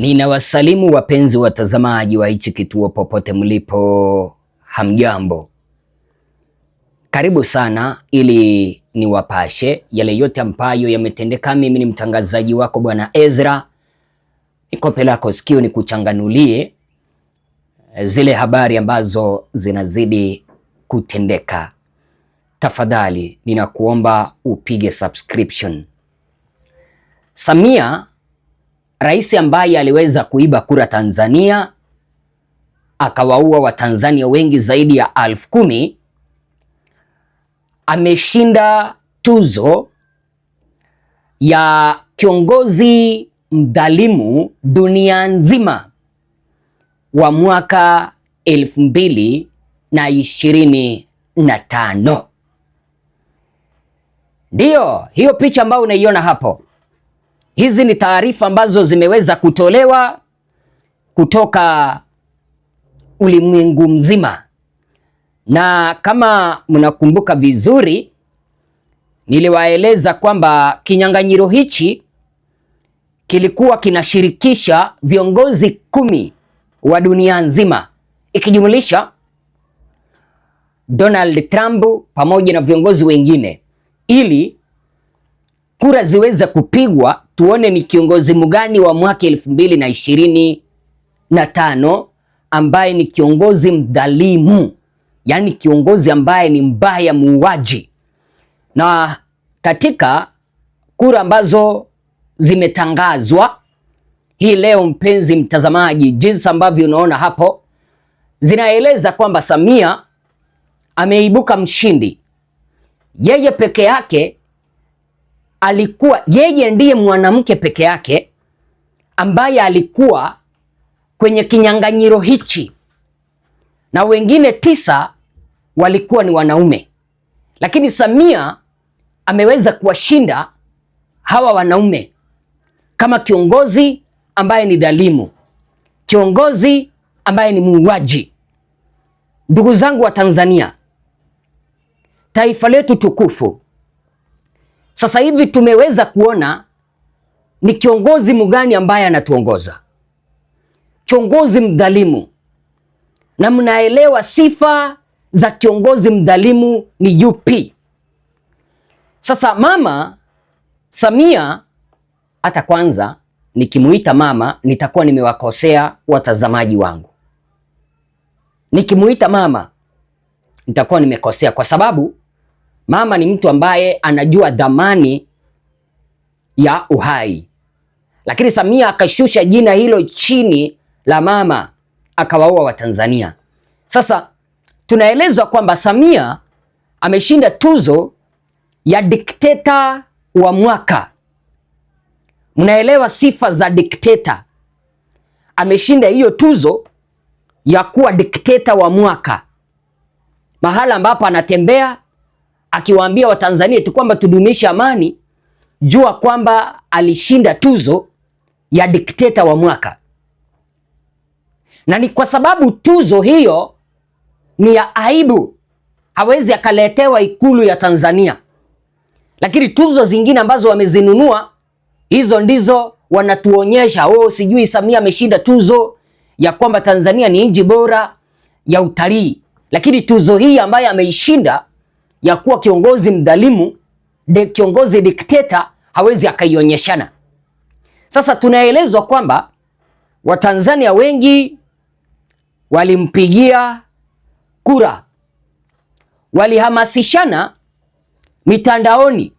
Ninawasalimu wapenzi watazamaji wa hichi kituo popote mlipo, hamjambo? Karibu sana ili niwapashe yale yote ambayo yametendeka. Mimi ni mtangazaji wako Bwana Ezra, nikope lako sikio nikuchanganulie eh, zile habari ambazo zinazidi kutendeka. Tafadhali ninakuomba upige subscription. Samia rais ambaye aliweza kuiba kura Tanzania akawaua Watanzania wengi zaidi ya elfu kumi ameshinda tuzo ya kiongozi mdhalimu dunia nzima wa mwaka elfu mbili na ishirini na tano. Ndiyo hiyo picha ambayo unaiona hapo Hizi ni taarifa ambazo zimeweza kutolewa kutoka ulimwengu mzima, na kama mnakumbuka vizuri, niliwaeleza kwamba kinyang'anyiro hichi kilikuwa kinashirikisha viongozi kumi wa dunia nzima ikijumulisha Donald Trump pamoja na viongozi wengine ili kura ziweze kupigwa, tuone ni kiongozi mgani wa mwaka elfu mbili na ishirini na tano ambaye ni kiongozi mdhalimu, yaani kiongozi ambaye ni mbaya, muuaji. Na katika kura ambazo zimetangazwa hii leo, mpenzi mtazamaji, jinsi ambavyo unaona hapo, zinaeleza kwamba Samia ameibuka mshindi, yeye peke yake alikuwa yeye ndiye mwanamke peke yake ambaye alikuwa kwenye kinyang'anyiro hichi, na wengine tisa walikuwa ni wanaume, lakini Samia ameweza kuwashinda hawa wanaume kama kiongozi ambaye ni dhalimu, kiongozi ambaye ni muuaji. Ndugu zangu wa Tanzania, taifa letu tukufu sasa hivi tumeweza kuona ni kiongozi mgani ambaye anatuongoza, kiongozi mdhalimu, na mnaelewa sifa za kiongozi mdhalimu ni yupi. Sasa mama Samia, hata kwanza nikimuita mama nitakuwa nimewakosea watazamaji wangu, nikimuita mama nitakuwa nimekosea kwa sababu Mama ni mtu ambaye anajua dhamani ya uhai, lakini Samia akashusha jina hilo chini la mama akawaua Watanzania. Sasa tunaelezwa kwamba Samia ameshinda tuzo ya dikteta wa mwaka. Mnaelewa sifa za dikteta. Ameshinda hiyo tuzo ya kuwa dikteta wa mwaka, mahala ambapo anatembea akiwaambia Watanzania tu kwamba tudumishe amani, jua kwamba alishinda tuzo ya dikteta wa mwaka, na ni kwa sababu tuzo hiyo ni ya aibu, hawezi akaletewa Ikulu ya Tanzania. Lakini tuzo zingine ambazo wamezinunua hizo ndizo wanatuonyesha oh, sijui Samia ameshinda tuzo ya kwamba Tanzania ni nchi bora ya utalii, lakini tuzo hii ambayo ameishinda ya kuwa kiongozi mdhalimu, de kiongozi dikteta hawezi akaionyeshana. Sasa tunaelezwa kwamba Watanzania wengi walimpigia kura, walihamasishana mitandaoni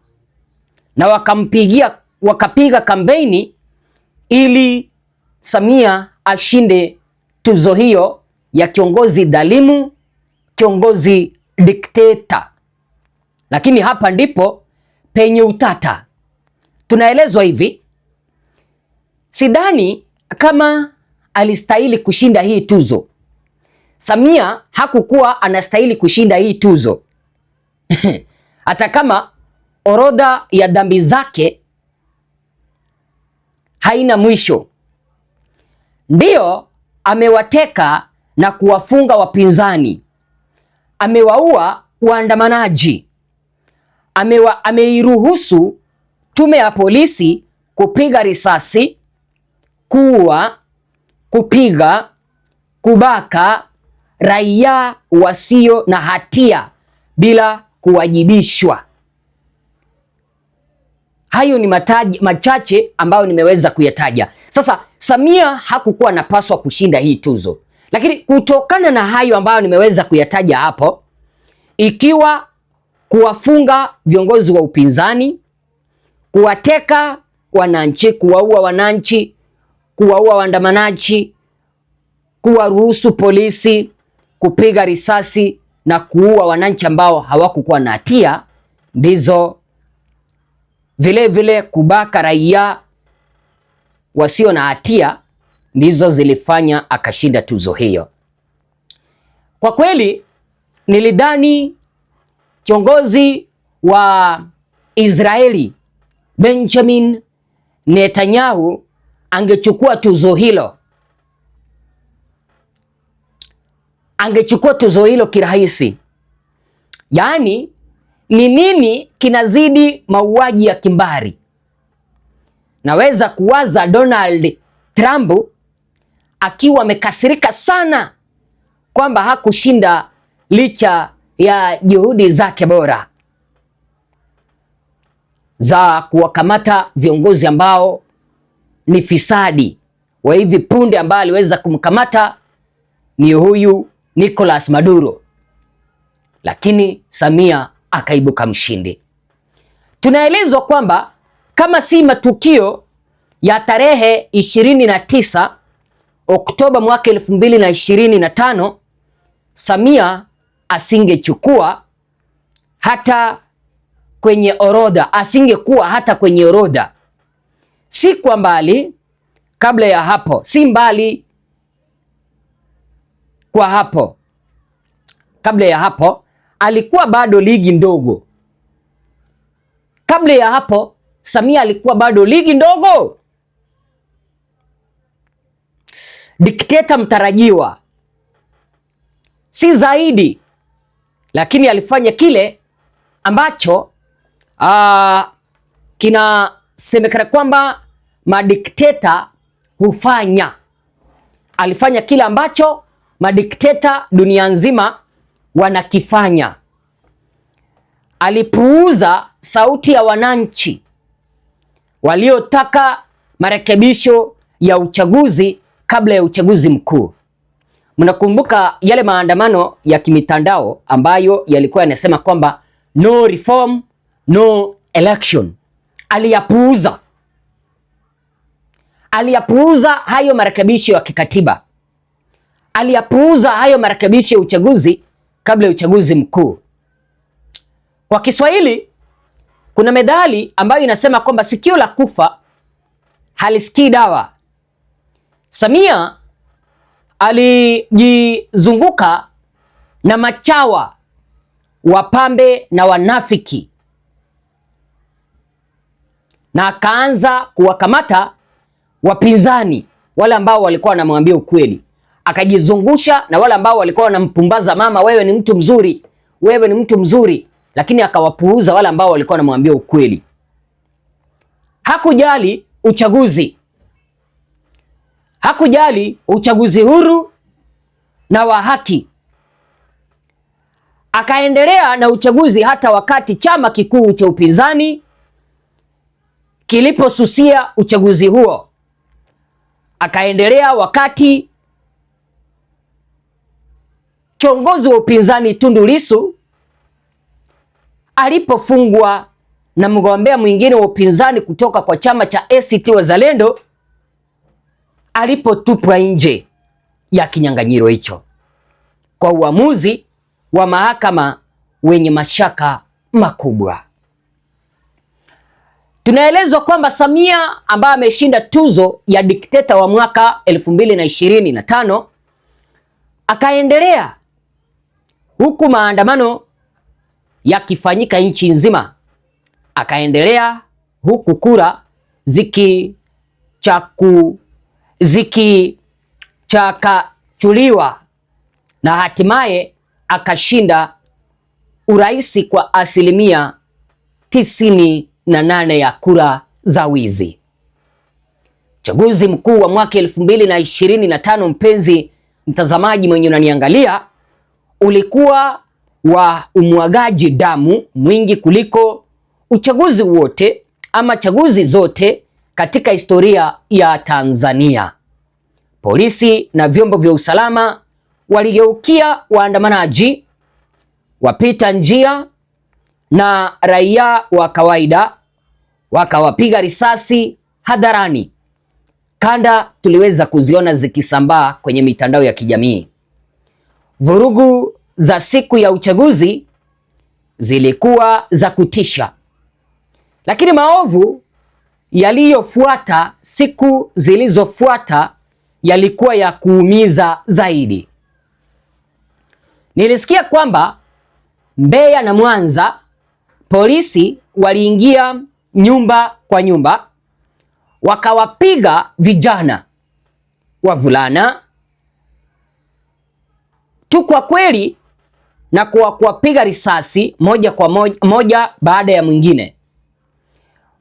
na wakampigia, wakapiga kampeni ili Samia ashinde tuzo hiyo ya kiongozi dhalimu, kiongozi dikteta. Lakini hapa ndipo penye utata. Tunaelezwa hivi, sidhani kama alistahili kushinda hii tuzo. Samia hakukuwa anastahili kushinda hii tuzo hata kama orodha ya dhambi zake haina mwisho. Ndiyo, amewateka na kuwafunga wapinzani, amewaua waandamanaji, amewa, ameiruhusu tume ya polisi kupiga risasi, kuua, kupiga, kubaka raia wasio na hatia bila kuwajibishwa. Hayo ni mataji, machache ambayo nimeweza kuyataja. Sasa Samia hakukuwa anapaswa kushinda hii tuzo, lakini kutokana na hayo ambayo nimeweza kuyataja hapo, ikiwa kuwafunga viongozi wa upinzani, kuwateka wananchi, kuwaua wananchi, kuwaua waandamanaji, kuwaruhusu polisi kupiga risasi na kuua wananchi ambao hawakukuwa na hatia, ndizo vilevile vile kubaka raia wasio na hatia ndizo zilifanya akashinda tuzo hiyo. Kwa kweli nilidhani Kiongozi wa Israeli Benjamin Netanyahu angechukua tuzo hilo, angechukua tuzo hilo kirahisi. Yaani, ni nini kinazidi mauaji ya kimbari? Naweza kuwaza Donald Trump akiwa amekasirika sana kwamba hakushinda licha ya juhudi zake bora za kuwakamata viongozi ambao ni fisadi. Wa hivi punde ambayo aliweza kumkamata ni huyu Nicolas Maduro, lakini Samia akaibuka mshindi. Tunaelezwa kwamba kama si matukio ya tarehe 29 Oktoba mwaka 2025, Samia asingechukua hata kwenye orodha, asingekuwa hata kwenye orodha. Si kwa mbali, kabla ya hapo, si mbali kwa hapo, kabla ya hapo alikuwa bado ligi ndogo. Kabla ya hapo Samia alikuwa bado ligi ndogo, dikteta mtarajiwa, si zaidi lakini alifanya kile ambacho ah, kinasemekana kwamba madikteta hufanya. Alifanya kile ambacho madikteta dunia nzima wanakifanya. Alipuuza sauti ya wananchi waliotaka marekebisho ya uchaguzi kabla ya uchaguzi mkuu. Mnakumbuka yale maandamano ya kimitandao ambayo yalikuwa yanasema kwamba no reform, no election. Aliyapuuza, aliyapuuza hayo marekebisho ya kikatiba, aliyapuuza hayo marekebisho ya uchaguzi kabla ya uchaguzi mkuu. Kwa Kiswahili kuna methali ambayo inasema kwamba sikio la kufa halisikii dawa. Samia alijizunguka na machawa, wapambe na wanafiki, na akaanza kuwakamata wapinzani wale ambao walikuwa wanamwambia ukweli, akajizungusha na wale ambao walikuwa wanampumbaza, mama, wewe ni mtu mzuri, wewe ni mtu mzuri, lakini akawapuuza wale ambao walikuwa wanamwambia ukweli. Hakujali uchaguzi hakujali uchaguzi huru na wa haki, akaendelea na uchaguzi hata wakati chama kikuu cha upinzani kiliposusia uchaguzi huo, akaendelea wakati kiongozi wa upinzani Tundu Lissu alipofungwa na mgombea mwingine wa upinzani kutoka kwa chama cha ACT Wazalendo alipotupwa nje ya kinyang'anyiro hicho kwa uamuzi wa mahakama wenye mashaka makubwa. Tunaelezwa kwamba Samia ambaye ameshinda tuzo ya dikteta wa mwaka 2025 akaendelea huku maandamano yakifanyika nchi nzima, akaendelea huku kura zikichaku zikichakachuliwa na hatimaye akashinda urais kwa asilimia tisini na nane ya kura za wizi. Uchaguzi mkuu wa mwaka elfu mbili na ishirini na tano, mpenzi mtazamaji mwenye unaniangalia, ulikuwa wa umwagaji damu mwingi kuliko uchaguzi wote ama chaguzi zote katika historia ya Tanzania. Polisi na vyombo vya usalama waligeukia waandamanaji, wapita njia na raia wa kawaida, wakawapiga risasi hadharani. Kanda tuliweza kuziona zikisambaa kwenye mitandao ya kijamii. Vurugu za siku ya uchaguzi zilikuwa za kutisha, lakini maovu yaliyofuata, siku zilizofuata yalikuwa ya kuumiza zaidi. Nilisikia kwamba Mbeya na Mwanza polisi waliingia nyumba kwa nyumba, wakawapiga vijana wavulana tu kwa kweli, na kwa kuwapiga risasi moja kwa moja, moja baada ya mwingine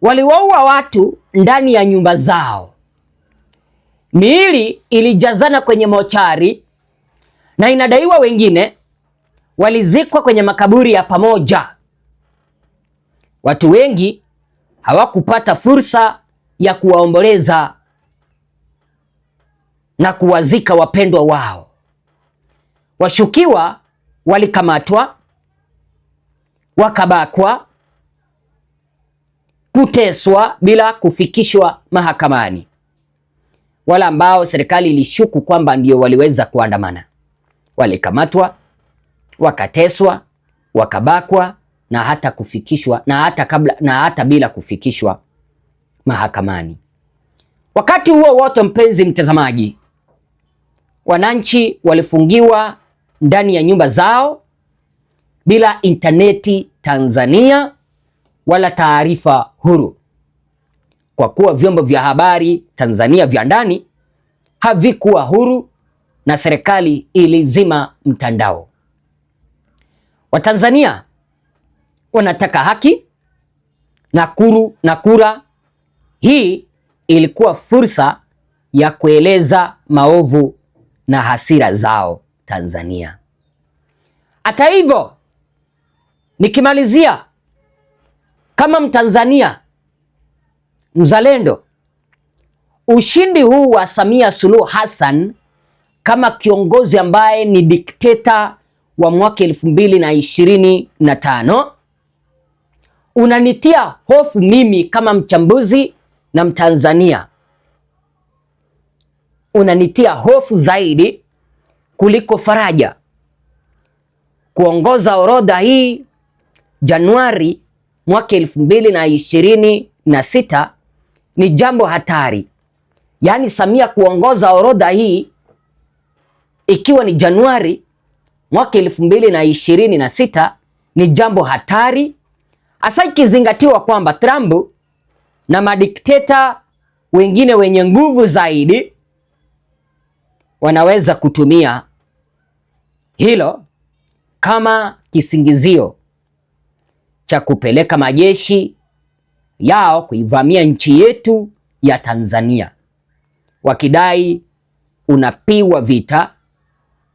waliwaua watu ndani ya nyumba zao. Miili ilijazana kwenye mochari na inadaiwa wengine walizikwa kwenye makaburi ya pamoja. Watu wengi hawakupata fursa ya kuwaomboleza na kuwazika wapendwa wao. Washukiwa walikamatwa, wakabakwa kuteswa bila kufikishwa mahakamani, wala ambao serikali ilishuku kwamba ndio waliweza kuandamana. Walikamatwa, wakateswa, wakabakwa na hata kufikishwa na hata kabla na hata bila kufikishwa mahakamani. Wakati huo wote, mpenzi mtazamaji, wananchi walifungiwa ndani ya nyumba zao bila intaneti Tanzania wala taarifa huru, kwa kuwa vyombo vya habari Tanzania vya ndani havikuwa huru na serikali ilizima mtandao. Watanzania wanataka haki na kuru na kura. Hii ilikuwa fursa ya kueleza maovu na hasira zao Tanzania. Hata hivyo, nikimalizia kama Mtanzania mzalendo, ushindi huu wa Samia Suluhu Hassan kama kiongozi ambaye ni dikteta wa mwaka elfu mbili na ishirini na tano unanitia hofu mimi kama mchambuzi na Mtanzania, unanitia hofu zaidi kuliko faraja kuongoza orodha hii Januari mwaka elfu mbili na ishirini na sita ni jambo hatari. Yaani Samia kuongoza orodha hii ikiwa ni Januari mwaka elfu mbili na ishirini na sita ni jambo hatari, hasa ikizingatiwa kwamba Trump na madikteta wengine wenye nguvu zaidi wanaweza kutumia hilo kama kisingizio cha kupeleka majeshi yao kuivamia nchi yetu ya Tanzania, wakidai unapiwa vita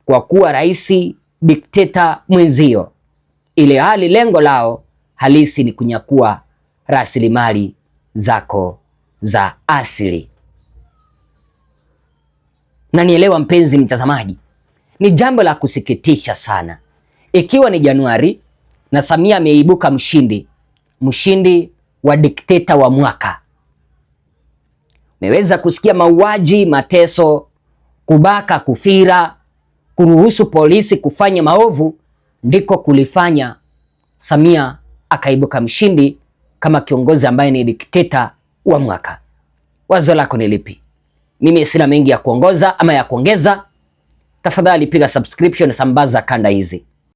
kwa kuwa rais dikteta mwenzio, ile hali lengo lao halisi ni kunyakua rasilimali zako za asili. Na nielewa mpenzi mtazamaji, ni jambo la kusikitisha sana, ikiwa ni Januari na Samia ameibuka mshindi, mshindi wa dikteta wa mwaka. Umeweza kusikia mauaji, mateso, kubaka, kufira, kuruhusu polisi kufanya maovu, ndiko kulifanya Samia akaibuka mshindi kama kiongozi ambaye ni dikteta wa mwaka. Wazo lako ni lipi? Mimi sina mengi ya kuongoza ama ya kuongeza. Tafadhali piga subscription, sambaza kanda hizi.